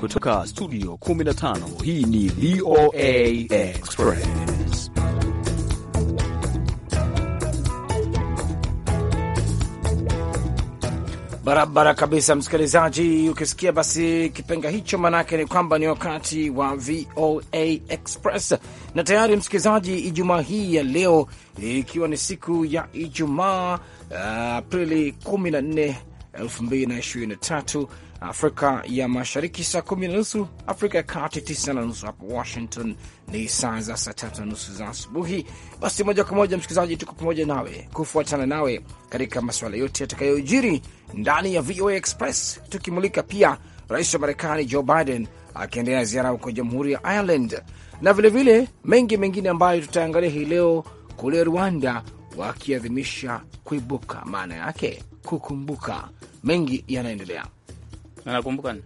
kutoka studio 15 hii ni VOA Express. Barabara kabisa, msikilizaji. Ukisikia basi kipenga hicho, maanake ni kwamba ni wakati wa VOA Express na tayari, msikilizaji, Ijumaa hii ya leo ikiwa ni siku ya Ijumaa, Aprili 14, 2023 Afrika ya Mashariki saa kumi na nusu, Afrika ya Kati tisa na nusu, hapa Washington ni saa za saa tatu na nusu za asubuhi. Basi moja kwa moja, msikilizaji, tuko pamoja nawe kufuatana nawe katika masuala yote yatakayojiri ndani ya VOA Express, tukimulika pia rais wa Marekani Joe Biden akiendelea ziara huko Jamhuri ya Ireland na vilevile vile, mengi mengine ambayo tutaangalia hii leo kule Rwanda wakiadhimisha kuibuka, maana yake kukumbuka. Mengi yanaendelea ni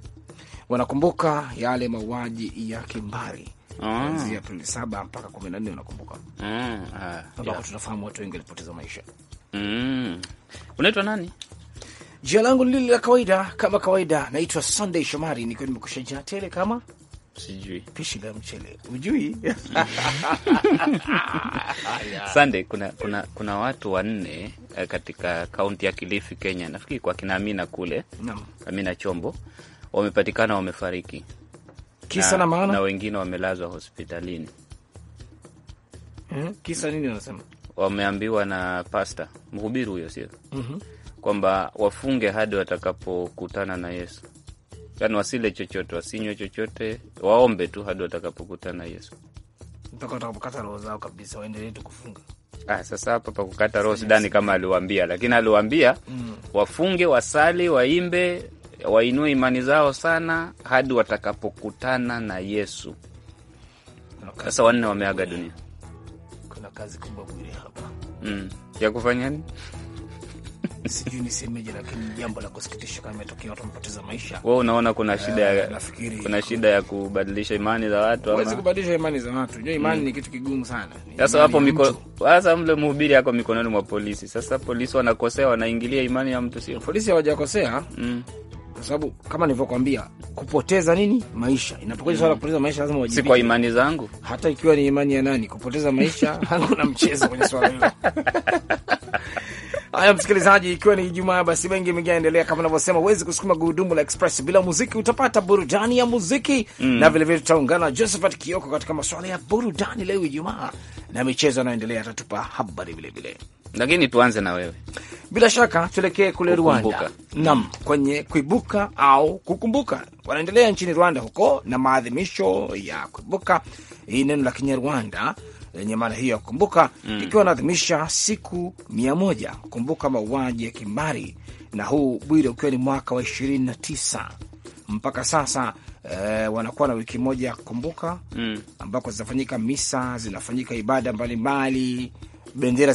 wanakumbuka yale mauaji ya kimbari ah. kuanzia Aprili saba mpaka kumi na nne wanakumbuka mm, ambako ah, tunafahamu watu wengi walipoteza maisha. Mm. Unaitwa nani? Jina langu ni lile la kawaida, kama kawaida naitwa Sunday Shomari, nikiwa nimekusha jaa tele kama Sijui pishi la mchele ujui? Sande, kuna, kuna, kuna watu wanne eh, katika kaunti ya Kilifi, Kenya, nafikiri kwa kina Amina kule no. Amina Chombo wamepatikana wamefariki, kisa na maana, na wengine wamelazwa hospitalini. Hmm, kisa nini wanasema? Wameambiwa na pasta mhubiri huyo, sio mm -hmm. kwamba wafunge hadi watakapokutana na Yesu yani wasile chochote, wasinywe chochote, waombe tu hadi watakapokutana Yesu, mpaka watakapokata roho zao kabisa, waendelee tu kufunga. Ah, sasa hapa pa kukata roho sidani kama aliwaambia, lakini aliwaambia mm, wafunge, wasali, waimbe, wainue imani zao sana hadi watakapokutana na Yesu. Sasa wanne wameaga dunia. Kuna kazi kubwa hapa mm, ya kufanya nini? sijui nisemeje, lakini jambo la kusikitisha kama imetokea watu wamepoteza maisha. Wewe unaona kuna eh, shida ya nafikiri kuna shida ya kubadilisha imani za watu ama huwezi kubadilisha imani za watu? Unajua imani mm. ni kitu kigumu sana. Sasa hapo miko sasa, mle mhubiri yako mikononi mwa polisi. Sasa polisi wanakosea, wanaingilia imani ya mtu, sio polisi hawajakosea mm. Kwa sababu kama nilivyokwambia, kupoteza nini maisha, inapokuja mm. swala kupoteza maisha lazima wajibike. Si kwa imani zangu, hata ikiwa ni imani ya nani, kupoteza maisha hakuna mchezo kwenye swala hilo Haya msikilizaji, ikiwa ni Ijumaa, basi mengi mengi yanaendelea. Kama unavyosema, huwezi kusukuma gurudumu la express bila muziki. Utapata burudani ya muziki mm, na vilevile tutaungana na Josephat Kioko katika masuala ya burudani leo Ijumaa na michezo anayoendelea, atatupa habari vilevile, lakini tuanze na wewe bila shaka tuelekee kule Rwanda. nam kwenye kuibuka au kukumbuka, wanaendelea nchini Rwanda huko na maadhimisho ya kuibuka hii neno la Kinyarwanda lenye maana hiyo ya kukumbuka mm, ikiwa naadhimisha siku mia moja kukumbuka mauaji ya kimbari, na huu Bwire ukiwa ni mwaka wa ishirini na tisa mpaka sasa. E, wanakuwa na wiki moja ya kukumbuka mm, ambako zinafanyika misa, zinafanyika ibada mbalimbali, bendera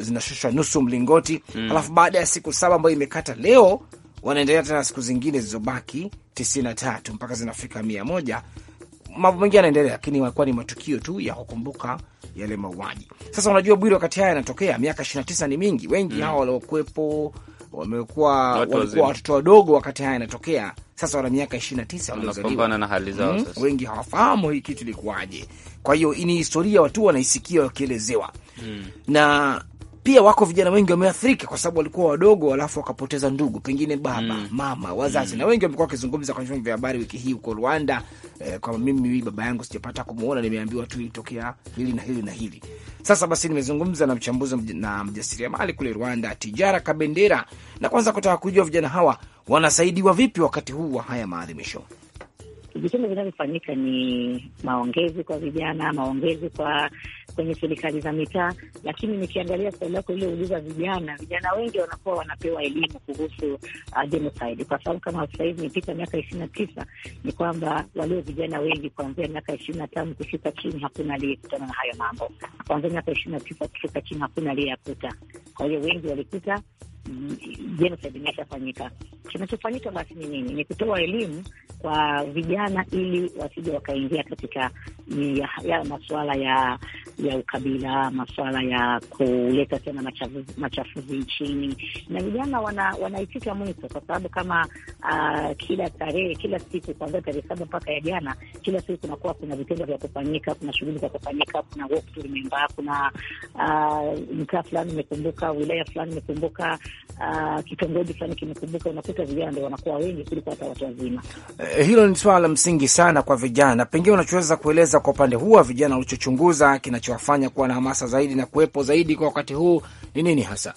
zinashushwa nusu mlingoti mm, alafu baada ya siku saba ambayo imekata leo wanaendelea tena siku zingine zilizobaki tisini na tatu mpaka zinafika mia moja mambo mengi yanaendelea, lakini yalikuwa ni matukio tu ya kukumbuka yale mauaji. Sasa unajua Bwiri, wakati haya yanatokea, miaka ishirini na tisa ni mingi. Wengi mm. hao waliokuwepo wamekuwa walikuwa watoto wadogo wakati haya yanatokea. Sasa wana miaka ishirini na tisa na hali zao mm. wengi hawafahamu hii kitu ilikuwaje. Kwa hiyo ni historia, watu wanaisikia wakielezewa mm. na pia wako vijana wengi wameathirika kwa sababu walikuwa wadogo, alafu wakapoteza ndugu, pengine baba mm. mama, wazazi mm. na wengi wamekuwa wakizungumza kwenye vyombo vya habari wiki hii huko Rwanda eh, kwamba mimi baba yangu sijapata kumwona, nimeambiwa tu ilitokea hili na hili na hili. Sasa basi, nimezungumza na mchambuzi na mjasiriamali kule Rwanda, Tijara Kabendera, na kwanza kutaka kujua vijana hawa wanasaidiwa vipi wakati huu wa haya maadhimisho. Vitendo vinavyofanyika ni maongezi kwa vijana, maongezi kwa kwenye serikali za mitaa. Lakini nikiangalia swali lako iliyouliza vijana, vijana wengi wanakuwa wanapewa elimu kuhusu uh, genocide, kwa sababu kama sasa hivi imepita miaka ishirini na tisa, ni kwamba walio vijana wengi kuanzia miaka ishirini na tano kushuka chini hakuna aliyekutana na hayo mambo. Kuanzia miaka ishirini na tisa kushuka chini hakuna aliyeyakuta. Kwa hiyo wengi walikuta mm, genocide imeshafanyika kinachofanyika basi ni nini? Ni kutoa elimu kwa vijana ili wasije wakaingia katika ya masuala ya ya ukabila, masuala ya kuleta tena machafuzi, nchini. Na vijana wanaitika wana mwito, kwa sababu kama uh, kila tarehe kila siku kuanzia tarehe saba mpaka ya jana, kila siku kunakuwa kuna vitendo vya kufanyika, kuna shughuli za kufanyika, kuna walkthrough kuna uh, mtaa fulani umekumbuka, wilaya fulani imekumbuka, uh, ah, kitongoji fulani kimekumbuka, unakuta hasa vijana ndio wanakuwa wengi kuliko hata watu wazima. Eh, hilo ni swala la msingi sana kwa vijana. Pengine unachoweza kueleza kwa upande huu wa vijana ulichochunguza, kinachowafanya kuwa na hamasa zaidi na kuwepo zaidi kwa wakati huu ni nini hasa?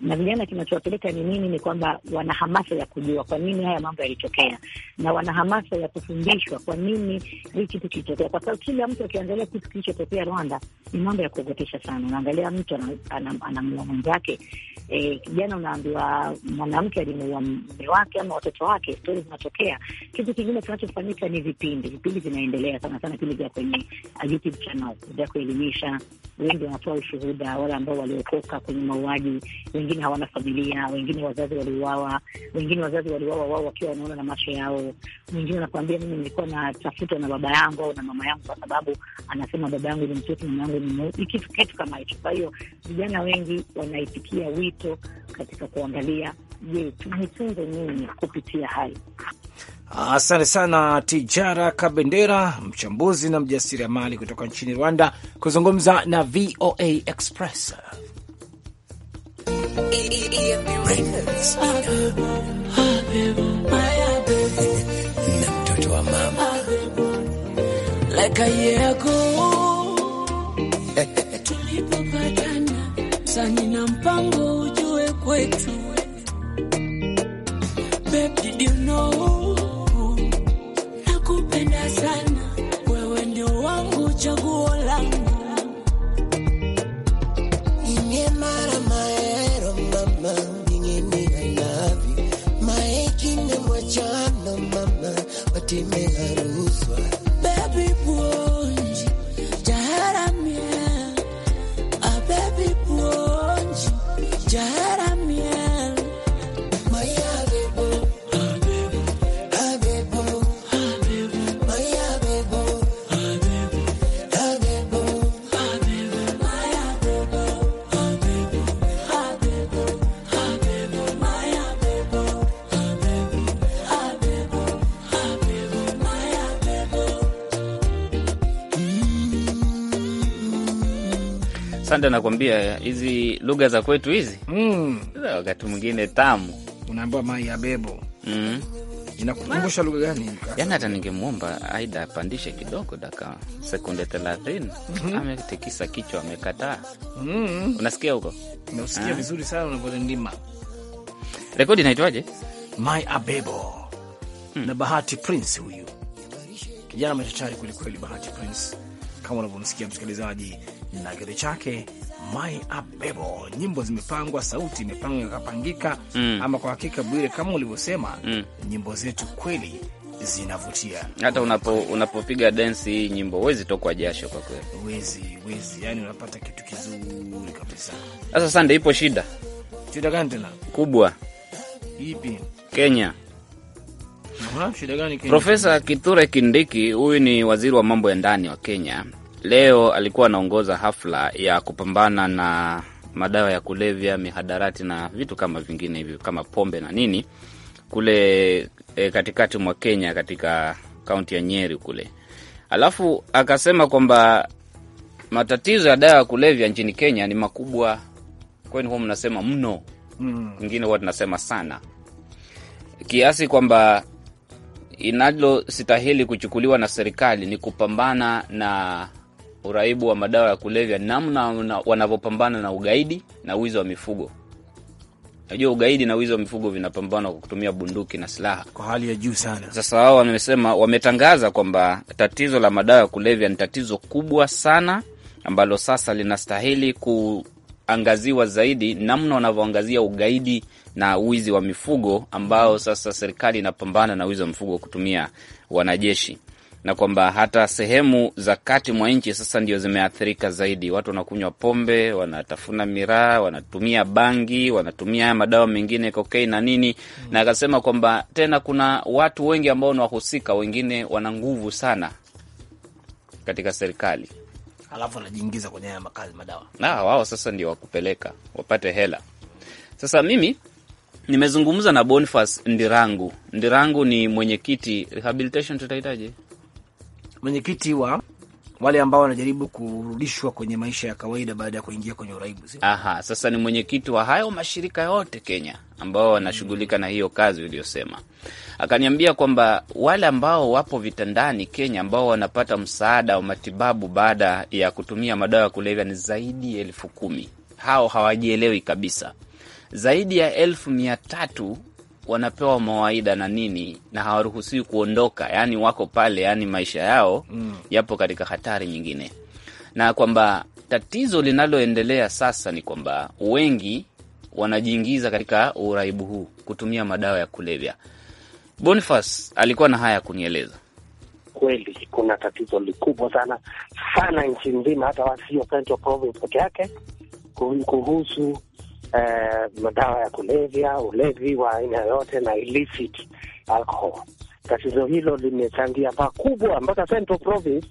na vijana kinachowapeleka ni nini? Ni kwamba wana hamasa ya kujua kwa nini haya mambo yalitokea, na wana hamasa ya kufundishwa kwa nini hichi kitu kilitokea, kwa sababu kila mtu akiangalia kitu kilichotokea Rwanda ni mambo ya kuogotesha sana. Unaangalia mtu anamua mwenzake. E, kijana unaambiwa mwanamke alimuua mume wake ama watoto wake, stori zinatokea. Kitu kingine kinachofanyika ni vipindi, vipindi vinaendelea sana sana, vile vya kwenye uh, YouTube channel vya kuelimisha. Wengi wanatoa ushuhuda, wale ambao waliokoka kwenye mauaji wengi wengine hawana familia, wengine wazazi waliuawa, wengine wazazi waliuawa wao wakiwa wanaona na macho yao. Mwingine anakuambia mimi nilikuwa natafutwa na baba yangu au na mama yangu, kwa sababu anasema baba yangu ni mtoto, mama yangu ni mweusi, kitu kitu kama hicho. Kwa hiyo vijana wengi wanaitikia wito katika kuangalia, je, tujitunze nini kupitia hayo? Asante sana Tijara Kabendera, mchambuzi na mjasiriamali kutoka nchini Rwanda, kuzungumza na VOA Express na mtoto wa mama tulipopatana sani na mpango ujue kwetu Babe, did you know? Timela. Sanda, nakwambia hizi lugha za kwetu hizi mm. wakati mwingine tamu, unaambiwa mai ya bebo mm. Inakukumbusha lugha gani? Yani hata ningemwomba aida apandishe kidogo, daka sekunde thelathini. mm -hmm. Ametikisa kichwa, amekataa. mm -hmm. Unasikia huko, unasikia ah. vizuri sana unavyolindima. Rekodi inaitwaje? Mai Abebo hmm. na Bahati Prince, huyu kijana machachari kwelikweli, Bahati Prince kama unavyomsikia msikilizaji na kitu chake My Abebo. Nyimbo zimepangwa, sauti imepangwa ikapangika. Mm. Ama kwa hakika Bwire, kama ulivyosema, mm. nyimbo zetu kweli zinavutia hata unapo unapopiga densi hii nyimbo huwezi tokwa jasho kwa kweli, huwezi huwezi, yani unapata kitu kizuri kabisa. Sasa Sande, ipo shida. Shida gani tena kubwa? Ipi? Kenya. Profesa Kithure Kindiki, huyu ni waziri wa mambo ya ndani wa Kenya, leo alikuwa anaongoza hafla ya kupambana na madawa ya kulevya, mihadarati na vitu kama vingine hivyo kama pombe na nini kule e, katikati mwa Kenya katika kaunti ya Nyeri kule. Alafu akasema kwamba matatizo ya dawa ya kulevya nchini Kenya ni makubwa, kwani huwa mnasema mno, hmm. wengine huwa tunasema sana, kiasi kwamba inalostahili kuchukuliwa na serikali ni kupambana na uraibu wa madawa ya kulevya, namna wanavyopambana na ugaidi na wizi wa mifugo. Najua ugaidi na wizi wa mifugo vinapambana kwa kutumia bunduki na silaha kwa hali ya juu sana. Sasa wao wamesema, wametangaza kwamba tatizo la madawa ya kulevya ni tatizo kubwa sana ambalo sasa linastahili kuangaziwa zaidi, namna wanavyoangazia ugaidi na wizi wa mifugo, ambao sasa serikali inapambana na wizi wa mifugo kutumia wanajeshi na kwamba hata sehemu za kati mwa nchi sasa ndio zimeathirika zaidi. Watu wanakunywa pombe, wanatafuna miraa, wanatumia bangi, wanatumia madawa mengine kokei na nini mm. na akasema kwamba tena kuna watu wengi ambao ni wahusika, wengine wana nguvu sana katika serikali, alafu wanajiingiza kwenye haya makazi madawa, na wao sasa ndio wakupeleka wapate hela. Sasa mimi nimezungumza na Boniface Ndirangu. Ndirangu ni mwenyekiti rehabilitation, tutahitaji mwenyekiti wa wale ambao wanajaribu kurudishwa kwenye maisha ya kawaida baada ya kuingia kwenye uraibu. Aha, sasa ni mwenyekiti wa hayo mashirika yote Kenya ambao wanashughulika na hiyo kazi uliyosema, akaniambia kwamba wale ambao wapo vitandani Kenya ambao wanapata msaada wa matibabu baada ya kutumia madawa ya kulevya ni zaidi ya elfu kumi. Hao hawajielewi kabisa. Zaidi ya elfu mia tatu wanapewa mawaida na nini na hawaruhusiwi kuondoka, yani wako pale, yani maisha yao mm. yapo katika hatari nyingine, na kwamba tatizo linaloendelea sasa ni kwamba wengi wanajiingiza katika uraibu huu kutumia madawa ya kulevya. Boniface alikuwa na haya ya kunieleza. Kweli kuna tatizo likubwa sana sana nchi nzima, hata wasio Central Province peke yake kuhusu eh, madawa ya kulevya, ulevi wa aina yoyote na illicit alcohol. Tatizo hilo limechangia pakubwa mpaka Central Province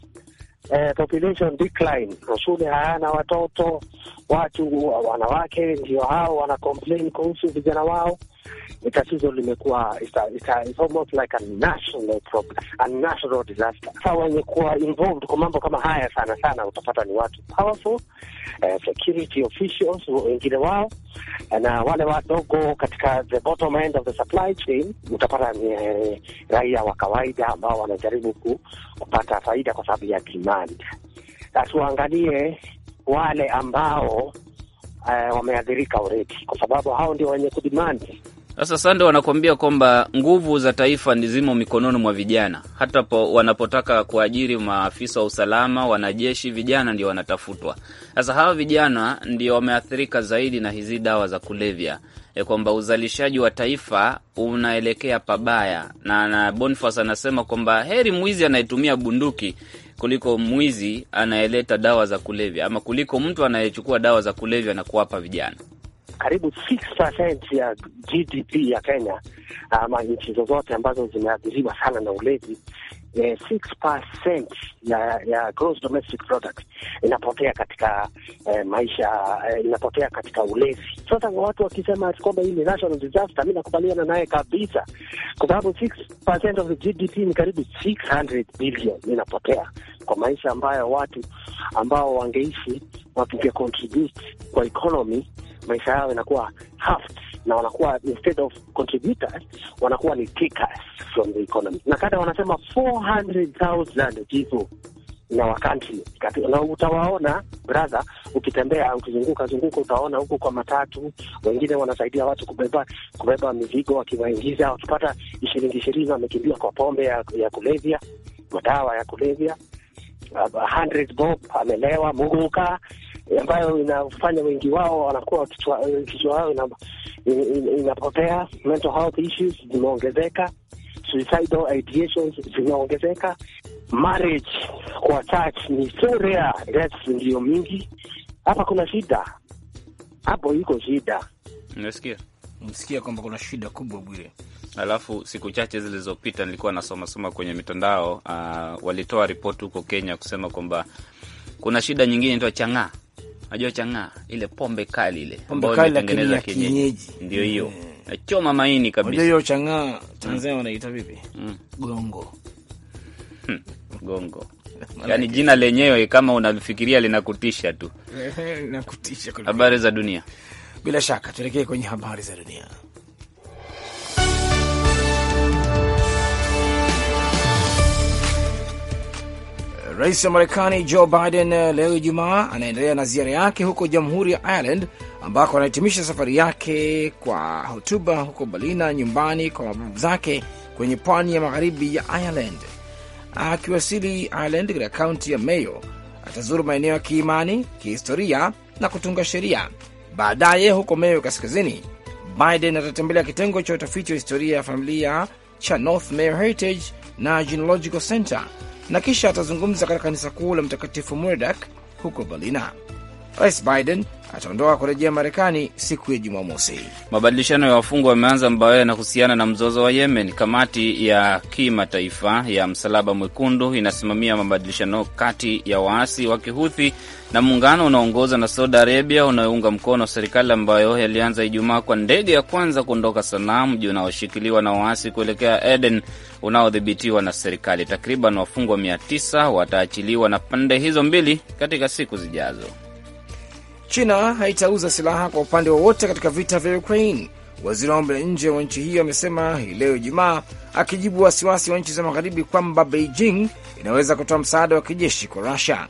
eh, population decline, Rusuli hayana watoto, watu wanawake ndio hao wana complain kuhusu vijana wao. Ni tatizo limekuwa almost like a national problem, a national disaster. Sasa wenye kuwa involved kwa mambo kama haya sana sana utapata ni watu powerful, eh, security officials wengine wao, eh, na wale wadogo katika the bottom end of the supply chain utapata ni eh, raia wa kawaida ambao wanajaribu kupata faida kwa sababu ya kima demand. Tuangalie wale ambao uh, wameathirika already, kwa sababu hao ndio wenye kudimandi. Sasa sande, wanakuambia kwamba nguvu za taifa ni zimo mikononi mwa vijana. Hata po wanapotaka kuajiri maafisa wa usalama, wanajeshi, vijana ndio wanatafutwa. Sasa hawa vijana ndio wameathirika zaidi na hizi dawa za kulevya, e, kwamba uzalishaji wa taifa unaelekea pabaya, na, na Boniface anasema kwamba heri mwizi anayetumia bunduki kuliko mwizi anayeleta dawa za kulevya ama kuliko mtu anayechukua dawa za kulevya na kuwapa vijana. Karibu 6% ya GDP ya Kenya ama nchi zozote ambazo zimeathiriwa sana na ulevi eh, 6% ya ya gross domestic product inapotea katika eh, maisha eh, inapotea katika ulezi. Sasa watu wakisema kwamba hii ni national disaster, mimi nakubaliana naye kabisa, kwa sababu 6% of the GDP ni karibu 600 billion inapotea kwa maisha ambayo watu ambao wangeishi wakija contribute kwa economy, maisha yao yanakuwa half na wanakuwa instead of contributors wanakuwa ni takers from the economy. Na kada wanasema 400,000 people na kati, na utawaona brother, ukitembea ukizunguka zunguka, utaona huko kwa matatu, wengine wanasaidia watu kubeba kubeba mizigo, wakiwaingiza wakipata ishilingi ishirini, wamekimbia kwa pombe ya, ya kulevya, madawa ya kulevya, 100 uh, bob amelewa munguka ambayo inafanya wengi wao wanakuwa kichwa yao inapotea, mental health issues zimeongezeka, suicidal ideations zimeongezeka, marriage kwa church ni so rare, deaths ndiyo mingi. Hapa kuna shida, hapo iko shida. Nasikia msikia kwamba kuna shida kubwa bwile. Alafu siku chache zilizopita nilikuwa nasomasoma kwenye mitandao uh, walitoa ripoti huko Kenya kusema kwamba kuna shida nyingine inaitwa chang'aa Najua changa ile pombe kali ile pombe kali lakini ya kienyeji ndio hiyo mm. Choma maini kabisa. Ndio hiyo changa Tanzania mm. wanaita vipi? Mm. Gongo. Hmm, gongo. yani jina lenyewe kama unafikiria linakutisha tu. Linakutisha. Habari za dunia. Bila shaka tuelekee kwenye habari za dunia. Rais wa Marekani Joe Biden eh, leo Ijumaa anaendelea na ziara yake huko Jamhuri ya Ireland ambako anahitimisha safari yake kwa hotuba huko Berlina, nyumbani kwa mababu zake kwenye pwani ya magharibi ya Ireland. Akiwasili Ireland katika kaunti ya Mayo, atazuru maeneo ya kiimani, kihistoria na kutunga sheria. Baadaye huko Mayo kaskazini, Biden atatembelea kitengo cha utafiti wa historia ya familia cha North Mayo Heritage na Genealogical Center na kisha atazungumza katika kanisa kuu la Mtakatifu murdak huko Berlina. Rais Biden ataondoka kurejea Marekani siku ya Jumamosi. Mabadilishano ya wafungwa wameanza ambayo yanahusiana na mzozo wa Yemen. Kamati ya kimataifa ya Msalaba Mwekundu inasimamia mabadilishano kati ya waasi wa Kihuthi na muungano unaoongoza na Saudi Arabia unayounga mkono serikali ambayo yalianza Ijumaa kwa ndege ya kwanza kuondoka Sanaa, mji unaoshikiliwa na waasi kuelekea Eden unaodhibitiwa na serikali. Takriban wafungwa mia tisa wataachiliwa na pande hizo mbili katika siku zijazo. China haitauza silaha kwa upande wowote katika vita vya Ukraine, waziri wa mambo ya nje wa nchi hiyo amesema hii leo Ijumaa, akijibu wasiwasi wa nchi za magharibi kwamba Beijing inaweza kutoa msaada wa kijeshi kwa Rusia.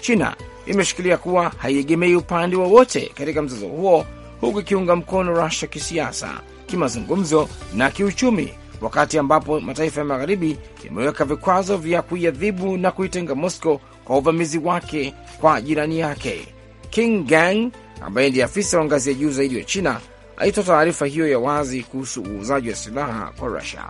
China imeshikilia kuwa haiegemei upande wowote katika mzozo huo, huku ikiunga mkono Rusia kisiasa, kimazungumzo na kiuchumi, wakati ambapo mataifa ya magharibi yameweka vikwazo vya kuiadhibu na kuitenga Moscow kwa uvamizi wake kwa jirani yake. King Gang ambaye ndiye afisa wa ngazi ya juu zaidi wa China alitoa taarifa hiyo ya wazi kuhusu uuzaji wa silaha kwa Rusia.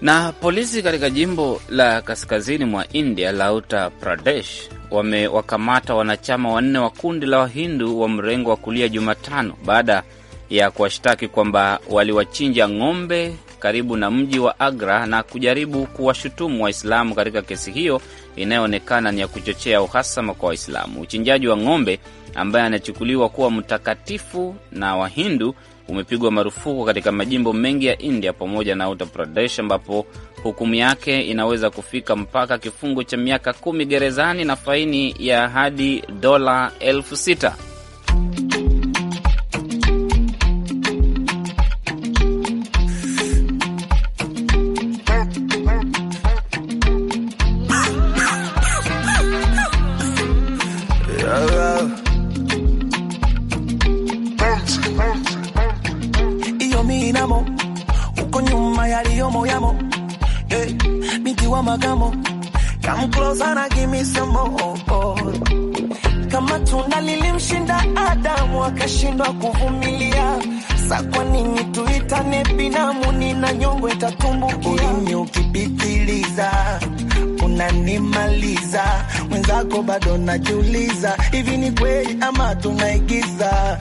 Na polisi katika jimbo la kaskazini mwa India la Uttar Pradesh wamewakamata wanachama wanne wa kundi la Wahindu wa mrengo wa kulia Jumatano baada ya kuwashtaki kwamba waliwachinja ng'ombe karibu na mji wa Agra na kujaribu kuwashutumu Waislamu katika kesi hiyo inayoonekana ni ya kuchochea uhasama kwa Waislamu. Uchinjaji wa ng'ombe ambaye anachukuliwa kuwa mtakatifu na Wahindu umepigwa marufuku katika majimbo mengi ya India pamoja na Uttar Pradesh, ambapo hukumu yake inaweza kufika mpaka kifungo cha miaka kumi gerezani na faini ya hadi dola elfu sita. oh, oh. Kama tunda lilimshinda Adamu akashindwa kuvumilia, sa kwa nini tuitane binamu? Nina nyongo itatumbukia. Ulimi ukipitiliza unanimaliza, mwenzako bado najiuliza, hivi ni kweli ama tunaigiza?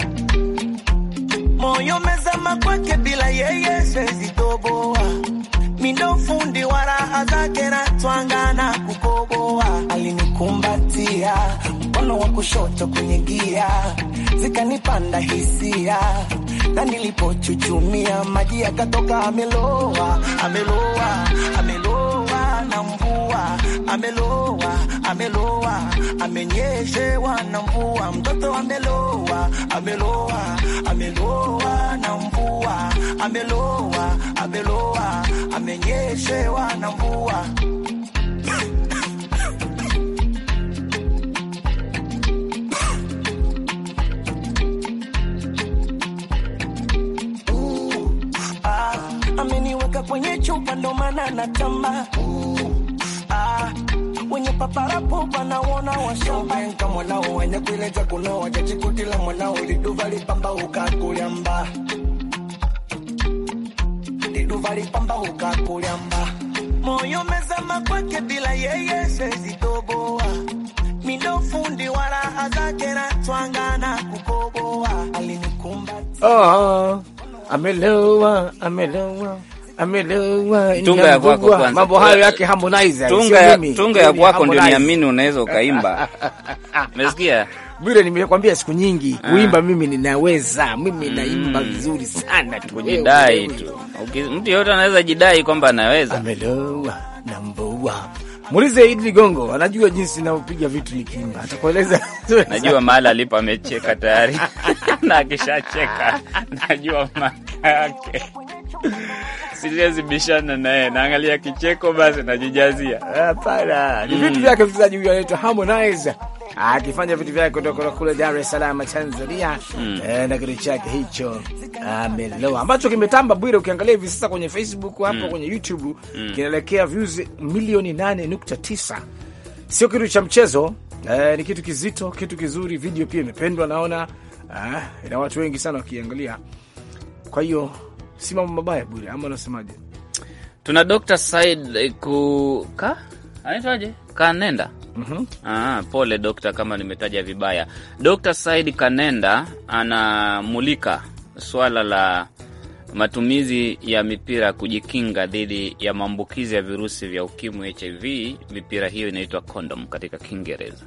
Moyo mezama kwake, bila yeye siwezi mindo fundi wa raha zake na twanga na kukoboa. Alinikumbatia mkono wa kushoto kwenye gia, zikanipanda hisia na nilipochuchumia maji yakatoka. Ameloa, ameloa, ameloa ameloa, ameloa, ameloa, amenyeshewa na mvua. Mtoto ameloa, ameloa, ameloa na mvua, ameloa, ameloa, ah, amenyeshewa na mvua. Ameniweka kwenye chupa ndo maana natamba uh wenye paparapo panaona washobenka mwanao wenye kuileta kunoa jachikutila mwanao liduva lipambauka kulyamba liduva lipambauka kulyamba moyo mezama kwake bila yeye sezitoboa mindofundi wala azakera twangana kukoboa alinikumba. Oh, ah, ameloa ameloa amelewa eh, uh, uh, tunga mambo hayo yake Harmonize. Tunga, ya, tunga ya kwako ndio niamini unaweza ukaimba. Umesikia? Bure, nimekwambia siku nyingi ah. kuimba. Ah, mimi ninaweza, mimi naimba mm. vizuri sana tu, kujidai tu. Mtu yote anaweza jidai kwamba anaweza. Amelowa number one. Muulize Idi Ligongo, anajua jinsi naopiga vitu nikiimba, atakueleza. Najua mahali alipo, amecheka tayari na akishacheka najua mahali yake sijazibishana naye, naangalia kicheko basi najijazia. Hapana, ni vitu mm. vyake mchezaji huyo anaitwa Harmonize akifanya vitu vyake kutoka kule Dar es Salaam Tanzania, mm. eh, na kitu chake hicho ameloa ambacho kimetamba Bwire. Ukiangalia hivi sasa kwenye Facebook hapo mm. kwenye YouTube kinaelekea views milioni 8.9. Sio kitu cha mchezo eh, ni kitu kizito, kitu kizuri. Video pia imependwa, naona ah, ina watu wengi sana wakiangalia, kwa hiyo si mambo mabaya bure, ama unasemaje? Tuna Dr. Said eh, kuka anaitwaje Kanenda. mm -hmm. Ah, pole dokta kama nimetaja vibaya. Dr. Said Kanenda anamulika swala la matumizi ya mipira kujikinga dhidi ya maambukizi ya virusi vya ukimwi HIV. Mipira hiyo inaitwa condom katika Kiingereza.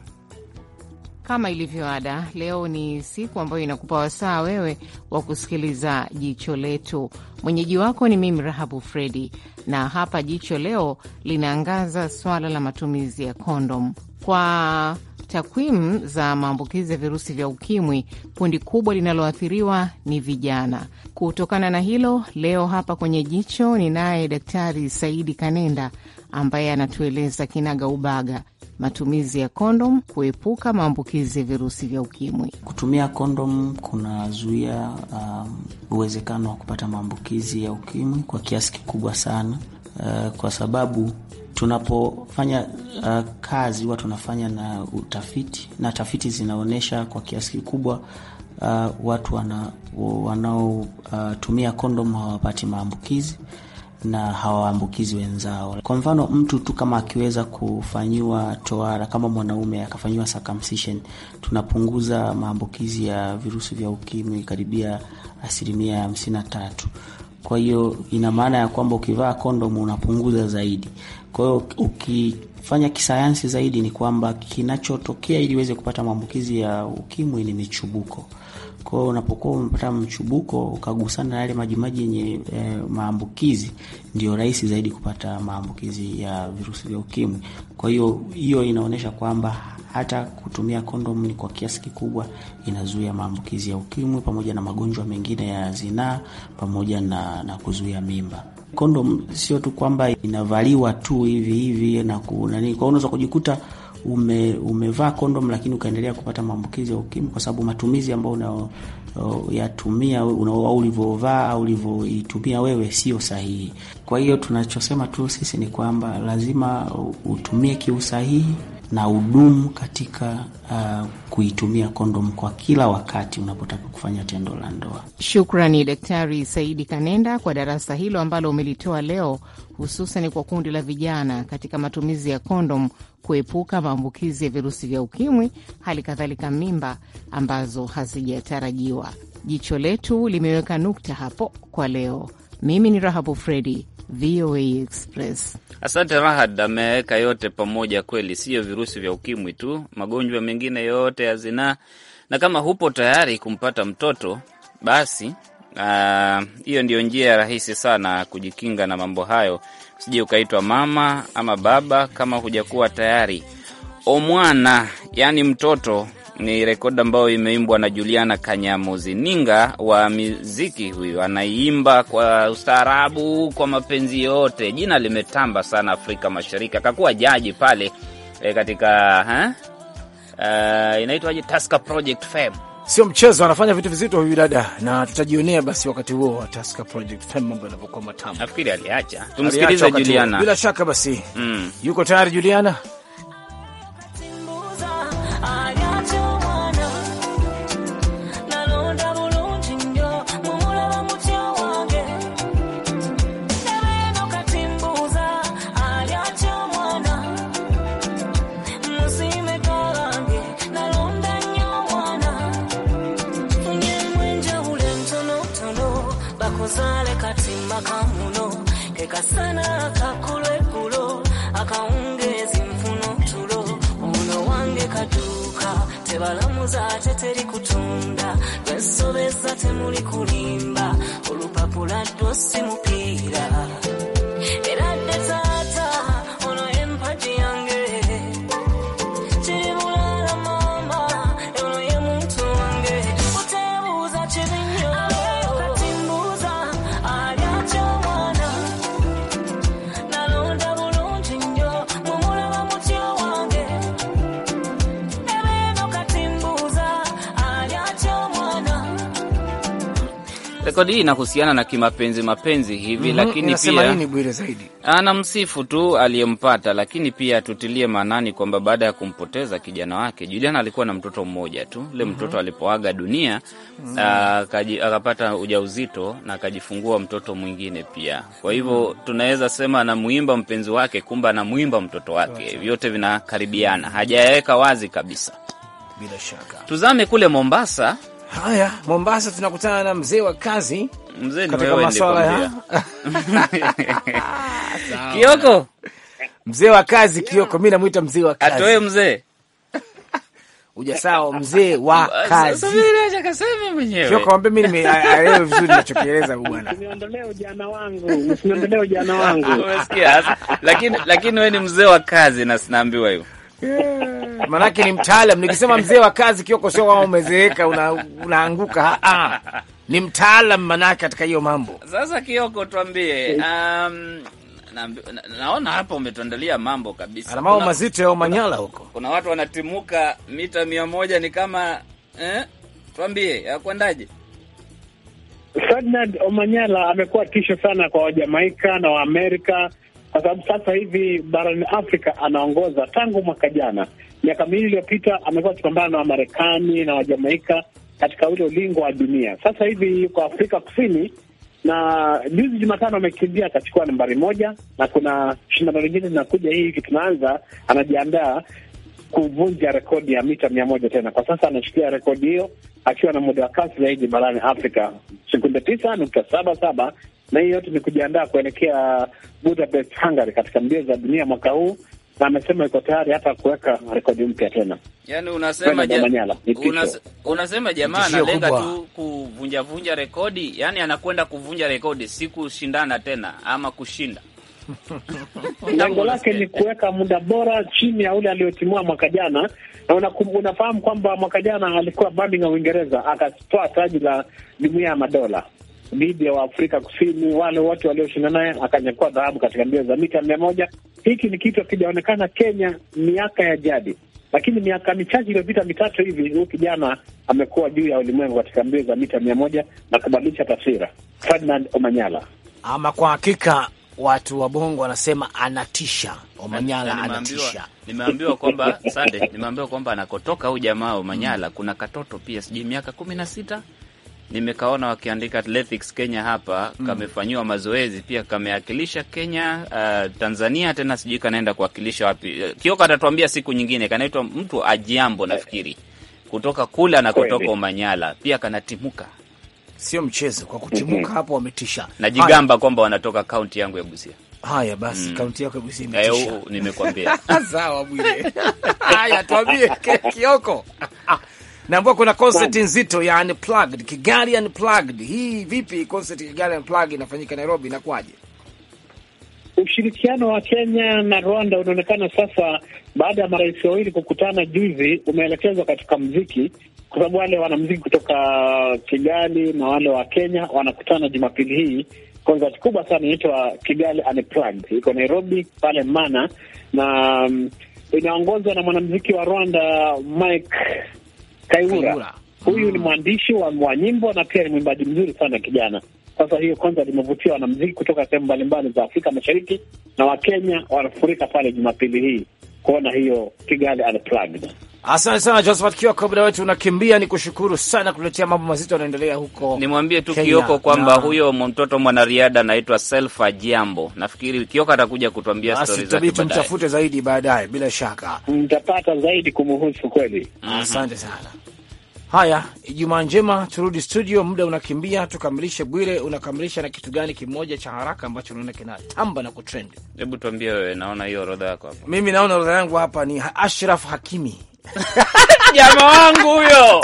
Kama ilivyo ada, leo ni siku ambayo inakupa wasaa wewe wa kusikiliza jicho letu. Mwenyeji wako ni mimi Rahabu Fredi, na hapa jicho leo linaangaza swala la matumizi ya kondom. Kwa takwimu za maambukizi ya virusi vya ukimwi, kundi kubwa linaloathiriwa ni vijana. Kutokana na hilo, leo hapa kwenye jicho ninaye Daktari Saidi Kanenda ambaye anatueleza kinaga ubaga matumizi ya kondom, kuepuka maambukizi ya virusi vya ukimwi. Kutumia kondom kunazuia um, uwezekano wa kupata maambukizi ya ukimwi kwa kiasi kikubwa sana, uh, kwa sababu tunapofanya uh, kazi huwa tunafanya na utafiti na tafiti zinaonyesha kwa kiasi kikubwa uh, watu wanaotumia wana, uh, kondom hawapati maambukizi na hawaambukizi wenzao. Kwa mfano, mtu tu kama akiweza kufanyiwa toara kama mwanaume akafanyiwa circumcision, tunapunguza maambukizi ya virusi vya ukimwi karibia asilimia hamsini na tatu. Kwa hiyo ina maana ya kwamba ukivaa kondomu unapunguza zaidi. Kwa hiyo ukifanya kisayansi zaidi, ni kwamba kinachotokea ili uweze kupata maambukizi ya ukimwi ni michubuko. Kwa hiyo unapokuwa umepata mchubuko ukagusana na yale majimaji yenye e, maambukizi, ndio rahisi zaidi kupata maambukizi ya virusi vya ukimwi. Kwa hiyo hiyo inaonyesha kwamba hata kutumia kondom ni kwa kiasi kikubwa inazuia maambukizi ya ukimwi pamoja na magonjwa mengine ya zinaa pamoja na, na kuzuia mimba. Kondom sio tu kwamba inavaliwa tu hivi hivi na kunani, kwa unaweza kujikuta ume, umevaa kondom lakini ukaendelea kupata maambukizi ya ukimwi, kwa sababu matumizi ambayo unayoyatumia uh, au ulivyovaa au ulivyoitumia wewe sio sahihi. Kwa hiyo tunachosema tu sisi ni kwamba lazima utumie kiusahihi na udumu katika uh, kuitumia kondomu kwa kila wakati unapotaka kufanya tendo la ndoa. Shukrani Daktari Saidi Kanenda kwa darasa hilo ambalo umelitoa leo, hususan kwa kundi la vijana katika matumizi ya kondomu kuepuka maambukizi ya virusi vya ukimwi, hali kadhalika mimba ambazo hazijatarajiwa. Jicho letu limeweka nukta hapo kwa leo. Mimi ni Rahabu Fredi VOA Express. Asante Rahad, ameweka yote pamoja. Kweli siyo virusi vya ukimwi tu, magonjwa mengine yote ya zinaa, na kama hupo tayari kumpata mtoto basi ah, hiyo uh, ndiyo njia rahisi sana kujikinga na mambo hayo. Sije ukaitwa mama ama baba kama hujakuwa tayari. Omwana, yani mtoto ni rekodi ambayo imeimbwa na Juliana Kanyamuzininga wa miziki. huyu, anaiimba kwa ustaarabu, kwa mapenzi yote. Jina limetamba sana Afrika Mashariki, akakuwa jaji pale e, katika uh, inaitwaje Taska Project Fem. Sio mchezo, anafanya vitu vizito huyu dada, na tutajionea basi wakati huo wa Taska Project Fem mambo yanavyokuwa matamu. Nafikiri aliacha, tumsikilize Juliana bila shaka. Basi mm. yuko tayari Juliana. kakuzale katimba kamuno kekasana kakulo egulo akawungezi nfuno tulo ono wange kaduka tebalamuza ate teri kutunda lwensobeza temuli kulimba olupapula ddosi mupiira rekodi hii inahusiana na kimapenzi mapenzi hivi mm -hmm. Lakini pia msifu tu aliyempata, lakini pia tutilie maanani kwamba baada ya kumpoteza kijana wake Juliana alikuwa na mtoto mmoja tu ule mm -hmm. mtoto alipoaga dunia mm -hmm. akapata ujauzito na akajifungua mtoto mwingine pia. Kwa hivyo mhm. tunaweza sema anamuimba mpenzi wake, kumbe anamuimba mtoto wake, vyote vinakaribiana, hajaweka wazi kabisa. Bila shaka tuzame kule Mombasa. Haya, Mombasa tunakutana na mzee wa kazi mzee katika maswala ya Kioko, mzee wa kazi Kioko, mi namwita mzee wa kazi, atoe mzee uja sawa, mzee wa kazi Kioko, mwambie mi nimeelewa vizuri nachokieleza bwana, umesikia? Lakini lakini we ni mzee wa kazi na sinaambiwa hivyo Manake ni mtaalam. Nikisema mzee wa kazi, Kioko, sio kama umezeeka unaanguka, una ni mtaalam manake katika hiyo mambo. Sasa Kioko, tuambie um, na, na, naona hapa umetuandalia mambo kabisa, ana mambo mazito ya Manyala huko. Kuna watu wanatimuka mita mia moja ni kama eh? Tuambie yakwendaje? Ferdinand Omanyala amekuwa tisho sana kwa Wajamaika na Waamerika kwa sababu sasa hivi barani Afrika anaongoza tangu mwaka jana. Miaka miwili iliyopita amekuwa akipambana na Wamarekani na Wajamaika katika ule ulingo wa dunia. Sasa hivi yuko Afrika Kusini na juzi Jumatano amekimbia akachukua nambari moja, na kuna shindano lingine linakuja hii wiki tunaanza, anajiandaa kuvunja rekodi ya mita mia moja tena. Kwa sasa anashikilia rekodi hiyo akiwa na muda wa kasi zaidi barani Afrika, sekunde tisa nukta saba saba na hii yote ni kujiandaa kuelekea Budapest, Hungary, katika mbio za dunia mwaka huu na amesema iko tayari hata kuweka rekodi mpya tena. Yani unasema ja, unas, unasema jamaa analenga tu kuvunjavunja rekodi, yani anakwenda kuvunja rekodi, si kushindana tena ama kushinda. Lengo lake ni kuweka muda bora chini ya ule aliyotimua mwaka jana, na unafahamu kwamba mwaka jana alikuwa Birmingham, Uingereza, akatoa taji la jumuiya ya madola dhidi ya Waafrika Kusini, wale wote walioshinda naye, akanyakua dhahabu katika mbio za mita mia moja. Hiki ni kitu akijaonekana Kenya miaka ya jadi, lakini miaka michache iliyopita mitatu hivi, huyu kijana amekuwa juu ya ulimwengu katika mbio za mita mia moja na kubadilisha taswira. Ferdinand Omanyala, ama kwa hakika watu wa Bongo wanasema anatisha Omanyala, yaani anatisha. Nimeambiwa kwamba Sande, nimeambiwa kwamba anakotoka huyu jamaa Omanyala kuna katoto pia, sijui miaka kumi na sita nimekaona wakiandika Athletics Kenya hapa mm. Kamefanyiwa mazoezi pia, kamewakilisha Kenya uh, Tanzania tena sijui kanaenda kuwakilisha wapi. Uh, Kioko atatuambia siku nyingine, kanaitwa mtu Ajiambo nafikiri kutoka kule na kutoka Umanyala pia kanatimuka, sio mchezo kwa kutimuka mm-hmm. hapo, wametisha. Najigamba kwamba wanatoka kaunti yangu ya Busia. Haya basi, mm. kaunti yako ya Busia eh, imetisha, nimekwambia. Sawa Bwire, haya tuambie Kioko naambua kuna concert nzito ya Unplugged, Kigali Unplugged. Hii vipi concert Kigali Unplugged inafanyika Nairobi inakuwaje? Ushirikiano wa Kenya na Rwanda unaonekana sasa, baada ya marais wawili kukutana juzi, umeelekezwa katika mziki, kwa sababu wale wanamziki kutoka Kigali na wale wa Kenya wanakutana Jumapili hii. Konsati kubwa sana inaitwa Kigali Unplugged, iko Nairobi pale Mana na um, inaongozwa na mwanamziki wa Rwanda Mike Kaiura, Huyu ni mm. mwandishi wa, wa nyimbo na pia ni mwimbaji mzuri sana kijana. Sasa hiyo kwanza limevutia wanamuziki kutoka sehemu mbalimbali za Afrika Mashariki na Wakenya wanafurika pale Jumapili hii kuona hiyo Kigali Unplugged. Asante sana Josephat Kioko, muda wetu unakimbia, ni kushukuru sana kuletea mambo mazito yanaendelea huko. Nimwambie tu Kioko kwamba na... huyo mtoto mwanariadha anaitwa Selfa Jambo, Nafikiri Kioko atakuja kutuambia stori zake, baadaye, tumtafute zaidi baadaye, bila shaka mtapata zaidi kumuhusu kweli. mm -hmm. Asante sana. Haya, Ijumaa njema, turudi studio, muda unakimbia. Tukamilishe Bwire, unakamilisha na kitu gani kimoja cha haraka ambacho unaona kinatamba na kutrend? Hebu tuambie wewe, naona hiyo orodha yako hapa. Mimi naona orodha yangu hapa ni Ashraf Hakimi Jamaa wangu huyo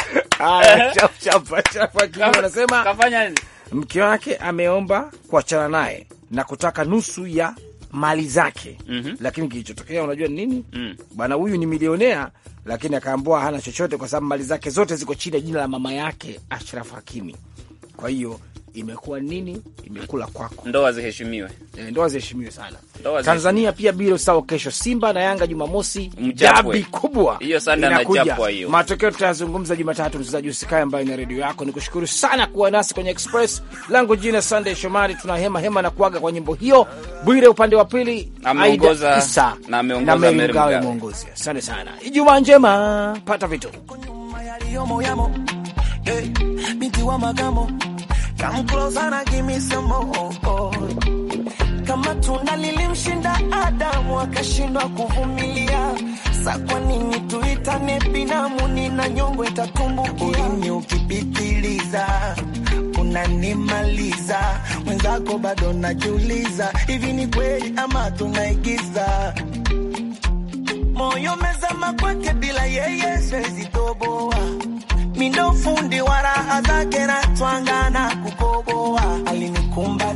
kafanya nini? Mke wake ameomba kuachana naye na kutaka nusu ya mali zake mm -hmm. Lakini kilichotokea unajua ni nini? mm. Bwana huyu ni milionea, lakini akaambua hana chochote, kwa sababu mali zake zote ziko chini ya jina la mama yake Ashraf Hakimi. Kwa hiyo imekuwa nini, imekula kwako. Ndoa ziheshimiwe, e, ndoa ziheshimiwe sana. Ndoa Tanzania pia bila sawa. Kesho Simba na Yanga Jumamosi, dabi kubwa hiyo sana, matokeo tutayazungumza Jumatatu. Mchezaji usikae ambayo na redio yako, nikushukuru sana kuwa nasi kwenye Express langu jina Sunday Shomari. Tuna hema hema na kuaga kwa nyimbo hiyo. Bwire upande wa pili, ameongoza na ameongoza Mgawe mwongozi. Asante sana, Ijumaa njema, pata vitu Come closer na give me some more. Kama tunda lilimshinda Adamu akashindwa kuvumilia, sa kwa nini tuitane binamu? Nina nyongo itatumbukia. Ulimi ukipitiliza unanimaliza, mwenzako bado najiuliza, hivi ni kweli ama tunaigiza? Moyo mezama kwake, bila yeye siwezi toboa mindo fundi wa raha zake na twanga na kukoboa alinikumba